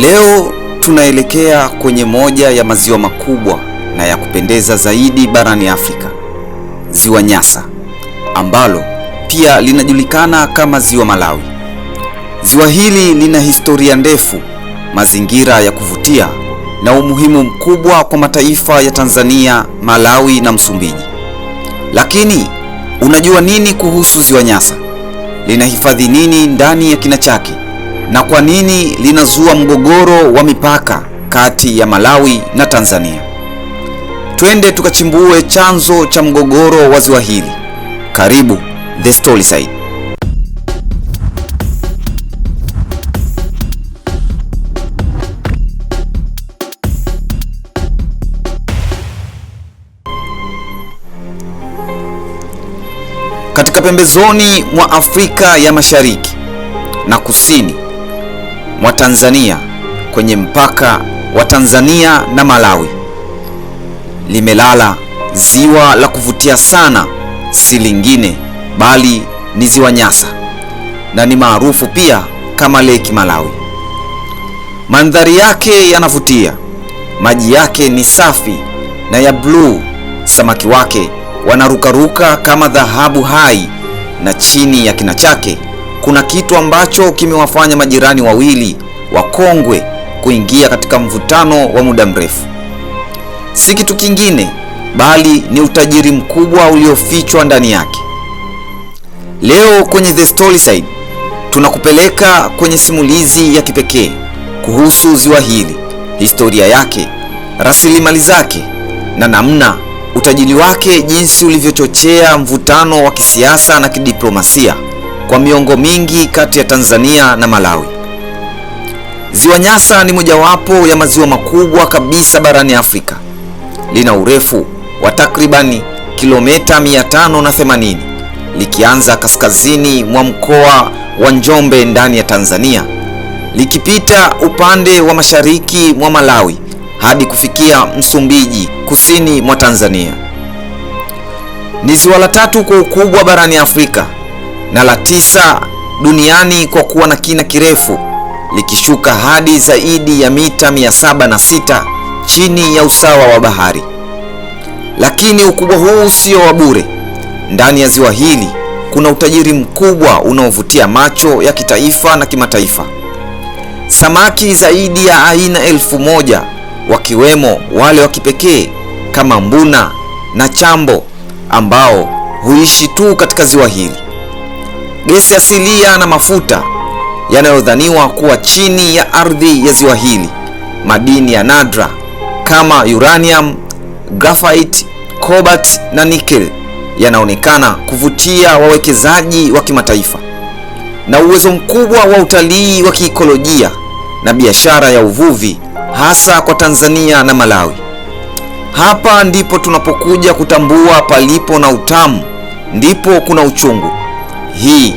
Leo tunaelekea kwenye moja ya maziwa makubwa na ya kupendeza zaidi barani Afrika, Ziwa Nyasa ambalo pia linajulikana kama Ziwa Malawi. Ziwa hili lina historia ndefu, mazingira ya kuvutia na umuhimu mkubwa kwa mataifa ya Tanzania, Malawi na Msumbiji. Lakini unajua nini kuhusu Ziwa Nyasa? Linahifadhi nini ndani ya kina chake? na kwa nini linazua mgogoro wa mipaka kati ya Malawi na Tanzania. Twende tukachimbue chanzo cha mgogoro wa ziwa hili. Karibu The Story Side. Katika pembezoni mwa Afrika ya Mashariki na Kusini mwa Tanzania kwenye mpaka wa Tanzania na Malawi limelala ziwa la kuvutia sana, si lingine bali ni ziwa Nyasa na ni maarufu pia kama Lake Malawi. Mandhari yake yanavutia, maji yake ni safi na ya bluu, samaki wake wanarukaruka kama dhahabu hai, na chini ya kina chake kuna kitu ambacho kimewafanya majirani wawili wakongwe kuingia katika mvutano wa muda mrefu. Si kitu kingine bali ni utajiri mkubwa uliofichwa ndani yake. Leo kwenye The Side tunakupeleka kwenye simulizi ya kipekee kuhusu ziwa hili, historia yake, rasilimali zake na namna utajiri wake jinsi ulivyochochea mvutano wa kisiasa na kidiplomasia kwa miongo mingi kati ya Tanzania na Malawi. Ziwa Nyasa ni mojawapo ya maziwa makubwa kabisa barani Afrika. Lina urefu wa takribani kilomita 580 likianza kaskazini mwa mkoa wa Njombe ndani ya Tanzania likipita upande wa mashariki mwa Malawi hadi kufikia Msumbiji kusini mwa Tanzania. Ni ziwa la tatu kwa ukubwa barani Afrika na la tisa duniani kwa kuwa na kina kirefu likishuka hadi zaidi ya mita 706 chini ya usawa wa bahari. Lakini ukubwa huu sio wa bure. Ndani ya ziwa hili kuna utajiri mkubwa unaovutia macho ya kitaifa na kimataifa. Samaki zaidi ya aina elfu moja wakiwemo wale wa kipekee kama mbuna na chambo ambao huishi tu katika ziwa hili gesi asilia na mafuta yanayodhaniwa kuwa chini ya ardhi ya ziwa hili, madini ya nadra kama uranium, graphite, cobalt na nickel yanaonekana kuvutia wawekezaji wa kimataifa, na uwezo mkubwa wa utalii wa kiikolojia na biashara ya uvuvi hasa kwa Tanzania na Malawi. Hapa ndipo tunapokuja kutambua palipo na utamu ndipo kuna uchungu. Hii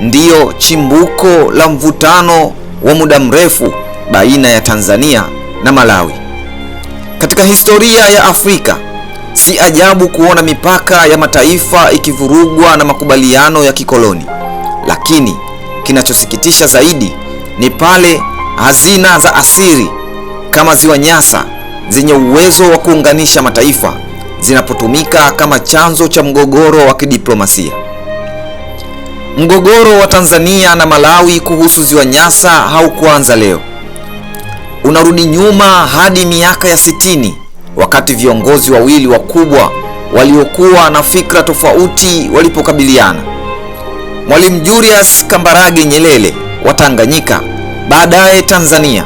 ndiyo chimbuko la mvutano wa muda mrefu baina ya Tanzania na Malawi. Katika historia ya Afrika, si ajabu kuona mipaka ya mataifa ikivurugwa na makubaliano ya kikoloni. Lakini kinachosikitisha zaidi ni pale hazina za asili kama Ziwa Nyasa zenye uwezo wa kuunganisha mataifa zinapotumika kama chanzo cha mgogoro wa kidiplomasia. Mgogoro wa Tanzania na Malawi kuhusu ziwa Nyasa haukuanza leo. Unarudi nyuma hadi miaka ya sitini wakati viongozi wawili wakubwa waliokuwa na fikra tofauti walipokabiliana. Mwalimu Julius Kambarage Nyerere wa Tanganyika, baadaye Tanzania,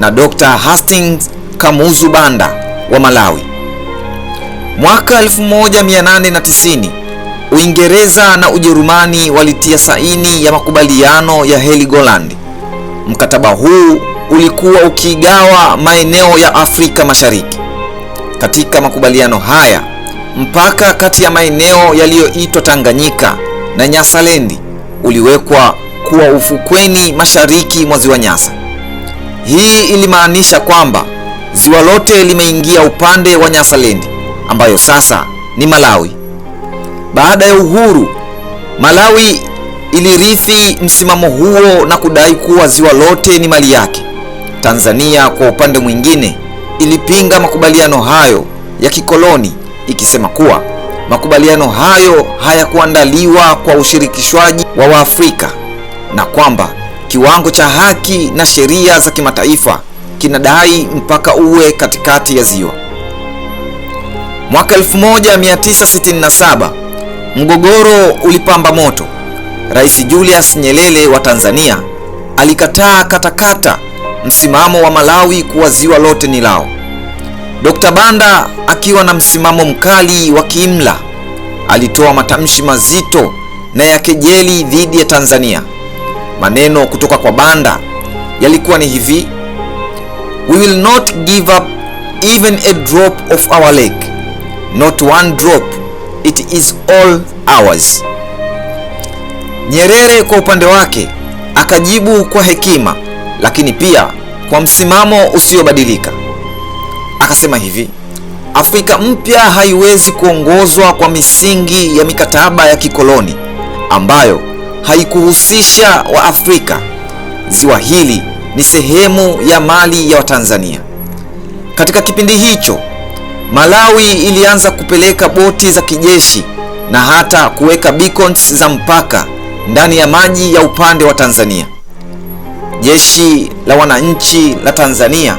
na Dr. Hastings Kamuzu Banda wa Malawi. Mwaka 1890 Uingereza na Ujerumani walitia saini ya makubaliano ya Heligoland. Mkataba huu ulikuwa ukigawa maeneo ya Afrika Mashariki. Katika makubaliano haya, mpaka kati ya maeneo yaliyoitwa Tanganyika na Nyasalendi uliwekwa kuwa ufukweni mashariki mwa Ziwa Nyasa. Hii ilimaanisha kwamba ziwa lote limeingia upande wa Nyasalendi ambayo sasa ni Malawi. Baada ya uhuru, Malawi ilirithi msimamo huo na kudai kuwa ziwa lote ni mali yake. Tanzania kwa upande mwingine, ilipinga makubaliano hayo ya kikoloni ikisema kuwa makubaliano hayo hayakuandaliwa kwa ushirikishwaji wa Waafrika na kwamba kiwango cha haki na sheria za kimataifa kinadai mpaka uwe katikati ya ziwa. Mwaka 1967 Mgogoro ulipamba moto. Rais Julius Nyerere wa Tanzania alikataa katakata msimamo wa Malawi kuwa ziwa lote ni lao. Dr. Banda akiwa na msimamo mkali wa kiimla alitoa matamshi mazito na ya kejeli dhidi ya Tanzania. Maneno kutoka kwa Banda yalikuwa ni hivi: We will not give up even a drop of our lake, not one drop it is all ours. Nyerere kwa upande wake akajibu kwa hekima, lakini pia kwa msimamo usiobadilika. Akasema hivi: Afrika mpya haiwezi kuongozwa kwa misingi ya mikataba ya kikoloni ambayo haikuhusisha Waafrika. Ziwa hili ni sehemu ya mali ya Watanzania. Katika kipindi hicho Malawi ilianza kupeleka boti za kijeshi na hata kuweka beacons za mpaka ndani ya maji ya upande wa Tanzania. Jeshi la Wananchi la Tanzania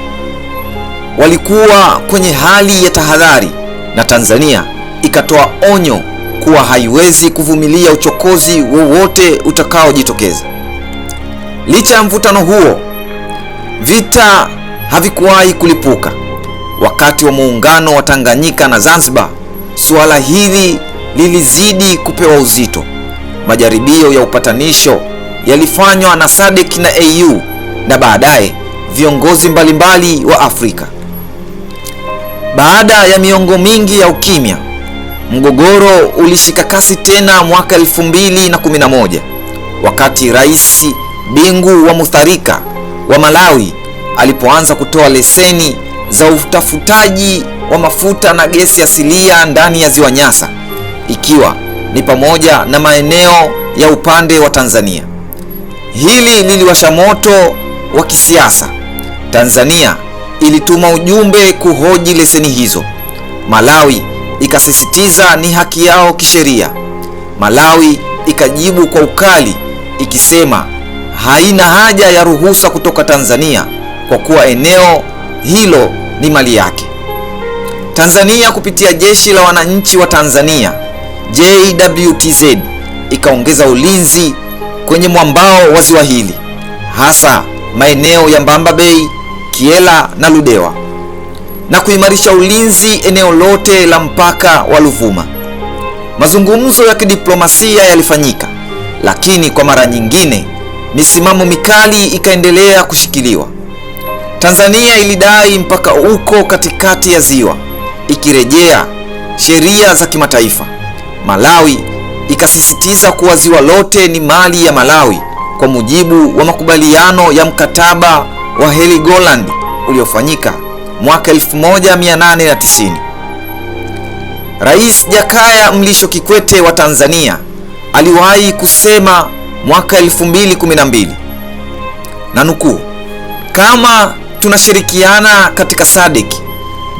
walikuwa kwenye hali ya tahadhari na Tanzania ikatoa onyo kuwa haiwezi kuvumilia uchokozi wowote utakaojitokeza. Licha ya mvutano huo, vita havikuwahi kulipuka wakati wa muungano wa Tanganyika na Zanzibar, suala hili lilizidi kupewa uzito. Majaribio ya upatanisho yalifanywa na SADC na AU na baadaye viongozi mbalimbali wa Afrika. Baada ya miongo mingi ya ukimya, mgogoro ulishika kasi tena mwaka 2011 wakati Rais Bingu wa Mutharika wa Malawi alipoanza kutoa leseni za utafutaji wa mafuta na gesi asilia ndani ya ziwa Nyasa, ikiwa ni pamoja na maeneo ya upande wa Tanzania. Hili liliwasha moto wa kisiasa. Tanzania ilituma ujumbe kuhoji leseni hizo. Malawi ikasisitiza ni haki yao kisheria. Malawi ikajibu kwa ukali ikisema haina haja ya ruhusa kutoka Tanzania kwa kuwa eneo hilo ni mali yake. Tanzania kupitia Jeshi la Wananchi wa Tanzania JWTZ ikaongeza ulinzi kwenye mwambao wa ziwa hili, hasa maeneo ya Mbamba Bay, Kiela na Ludewa na kuimarisha ulinzi eneo lote la mpaka wa Ruvuma. Mazungumzo ya kidiplomasia yalifanyika, lakini kwa mara nyingine misimamo mikali ikaendelea kushikiliwa. Tanzania ilidai mpaka uko katikati ya ziwa ikirejea sheria za kimataifa. Malawi ikasisitiza kuwa ziwa lote ni mali ya Malawi kwa mujibu wa makubaliano ya mkataba wa Heligoland uliofanyika mwaka 1890. Rais Jakaya Mlisho Kikwete wa Tanzania aliwahi kusema mwaka 2012 na nukuu, kama tunashirikiana katika SADC,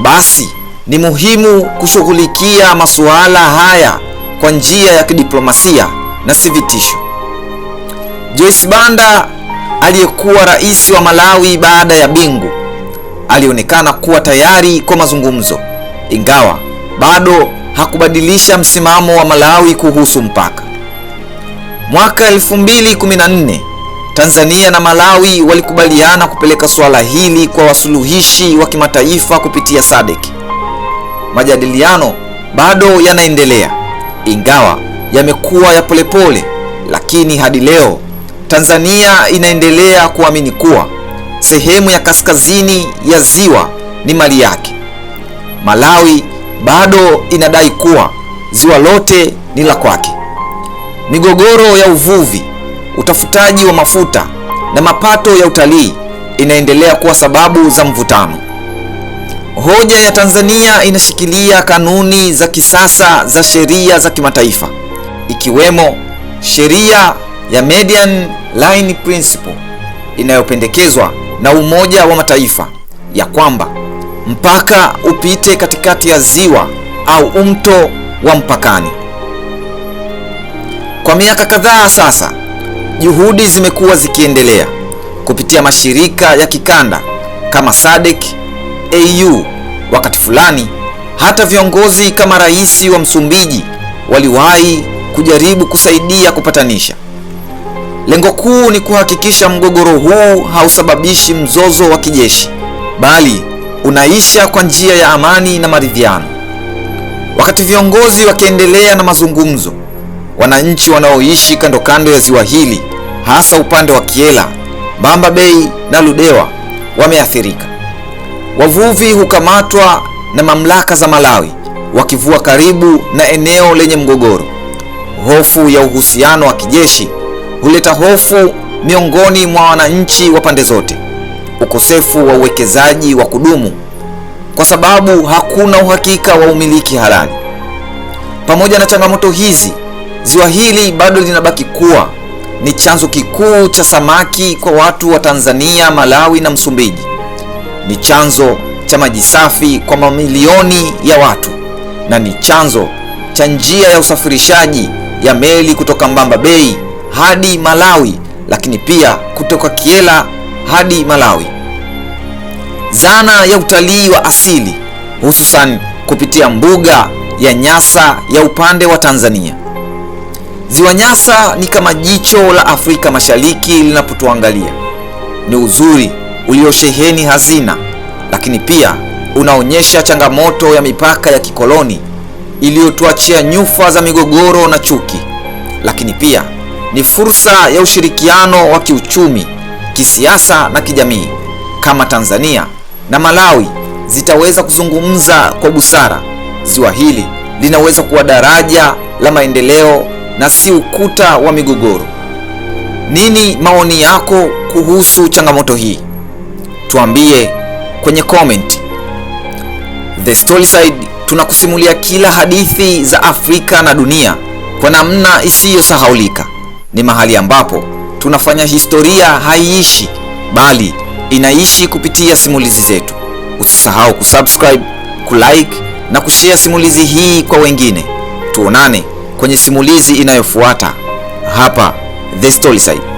basi ni muhimu kushughulikia masuala haya kwa njia ya kidiplomasia na si vitisho. Joyce Banda aliyekuwa rais wa Malawi baada ya Bingu alionekana kuwa tayari kwa mazungumzo, ingawa bado hakubadilisha msimamo wa Malawi kuhusu mpaka. Mwaka 2014 Tanzania na Malawi walikubaliana kupeleka suala hili kwa wasuluhishi wa kimataifa kupitia SADC. Majadiliano bado yanaendelea, ingawa yamekuwa ya polepole, lakini hadi leo Tanzania inaendelea kuamini kuwa sehemu ya kaskazini ya ziwa ni mali yake. Malawi bado inadai kuwa ziwa lote ni la kwake. Migogoro ya uvuvi utafutaji wa mafuta na mapato ya utalii inaendelea kuwa sababu za mvutano. Hoja ya Tanzania inashikilia kanuni za kisasa za sheria za kimataifa ikiwemo sheria ya Median Line Principle inayopendekezwa na Umoja wa Mataifa ya kwamba mpaka upite katikati ya ziwa au mto wa mpakani. Kwa miaka kadhaa sasa Juhudi zimekuwa zikiendelea kupitia mashirika ya kikanda kama SADC, AU. Wakati fulani hata viongozi kama rais wa Msumbiji waliwahi kujaribu kusaidia kupatanisha. Lengo kuu ni kuhakikisha mgogoro huu hausababishi mzozo wa kijeshi, bali unaisha kwa njia ya amani na maridhiano. Wakati viongozi wakiendelea na mazungumzo wananchi wanaoishi kando kando ya ziwa hili hasa upande wa kiela bamba Bay na Ludewa wameathirika. Wavuvi hukamatwa na mamlaka za Malawi wakivua karibu na eneo lenye mgogoro. Hofu ya uhusiano wa kijeshi huleta hofu miongoni mwa wananchi wa pande zote. Ukosefu wa uwekezaji wa kudumu kwa sababu hakuna uhakika wa umiliki halali. Pamoja na changamoto hizi, Ziwa hili bado linabaki kuwa ni chanzo kikuu cha samaki kwa watu wa Tanzania, Malawi na Msumbiji. Ni chanzo cha maji safi kwa mamilioni ya watu na ni chanzo cha njia ya usafirishaji ya meli kutoka Mbamba Bay hadi Malawi, lakini pia kutoka Kiela hadi Malawi. Zana ya utalii wa asili hususan kupitia mbuga ya Nyasa ya upande wa Tanzania Ziwa Nyasa ni kama jicho la Afrika Mashariki linapotuangalia. Ni uzuri uliosheheni hazina, lakini pia unaonyesha changamoto ya mipaka ya kikoloni iliyotuachia nyufa za migogoro na chuki, lakini pia ni fursa ya ushirikiano wa kiuchumi, kisiasa na kijamii. Kama Tanzania na Malawi zitaweza kuzungumza kwa busara, ziwa hili linaweza kuwa daraja la maendeleo na si ukuta wa migogoro. Nini maoni yako kuhusu changamoto hii? Tuambie kwenye comment. The Storyside tunakusimulia kila hadithi za Afrika na dunia kwa namna isiyosahaulika. Ni mahali ambapo tunafanya historia haiishi bali inaishi kupitia simulizi zetu. Usisahau kusubscribe, kulike na kushare simulizi hii kwa wengine. Tuonane kwenye simulizi inayofuata hapa The Side.